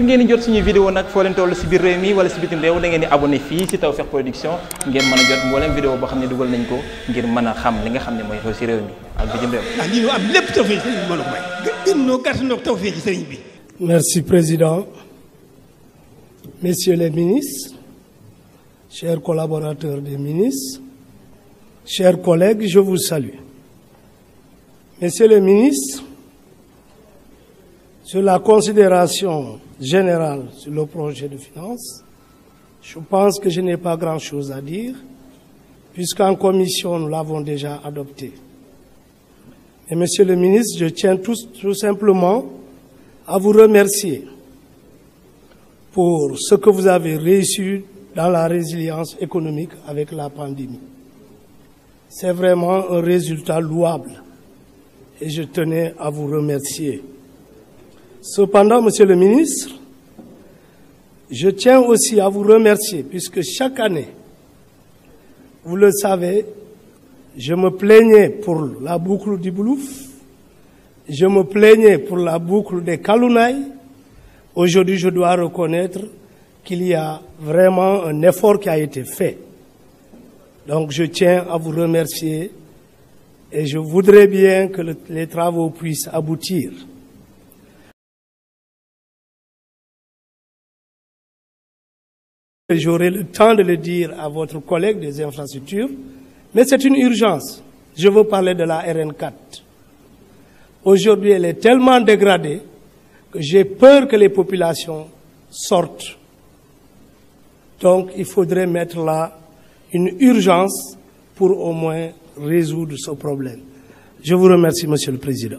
ngir ngeen di jot suñuy vidéo nag foo leen toll si biir réew mi wala si bitim réew da di abonné fii si Tawfekh Production ngeen mën a jot mboolem vidéo boo xam ne dugal nañ ko ngir mën a xam li nga xam ne mooy xew si réew mi ak bitim réew. ndax ah, lii ñu am a may. gën noo gàtt noo Tawfekh sëriñ bi. merci président messieurs les ministres chers collaborateurs de ministres chers collègues je vous salue messieurs les ministres. Sur la considération générale sur le projet de finances, je pense que je n'ai pas grand-chose à dire, puisqu'en commission, nous l'avons déjà adopté. Et Monsieur le ministre, je tiens tout simplement à vous remercier pour ce que vous avez réussi dans la résilience économique avec la pandémie. C'est vraiment un résultat louable et je tenais à vous remercier. Cependant, Monsieur le ministre, je tiens aussi à vous remercier puisque chaque année, vous le savez, je me plaignais pour la boucle du Boulouf, je me plaignais pour la boucle des Kalounaï. Aujourd'hui, je dois reconnaître qu'il y a vraiment un effort qui a été fait. Donc, je tiens à vous remercier et je voudrais bien que le, les travaux puissent aboutir. J'aurai le temps de le dire à votre collègue des infrastructures, mais c'est une urgence. Je veux parler de la RN4. Aujourd'hui, elle est tellement dégradée que j'ai peur que les populations sortent. Donc, il faudrait mettre là une urgence pour au moins résoudre ce problème. Je vous remercie, Monsieur le Président.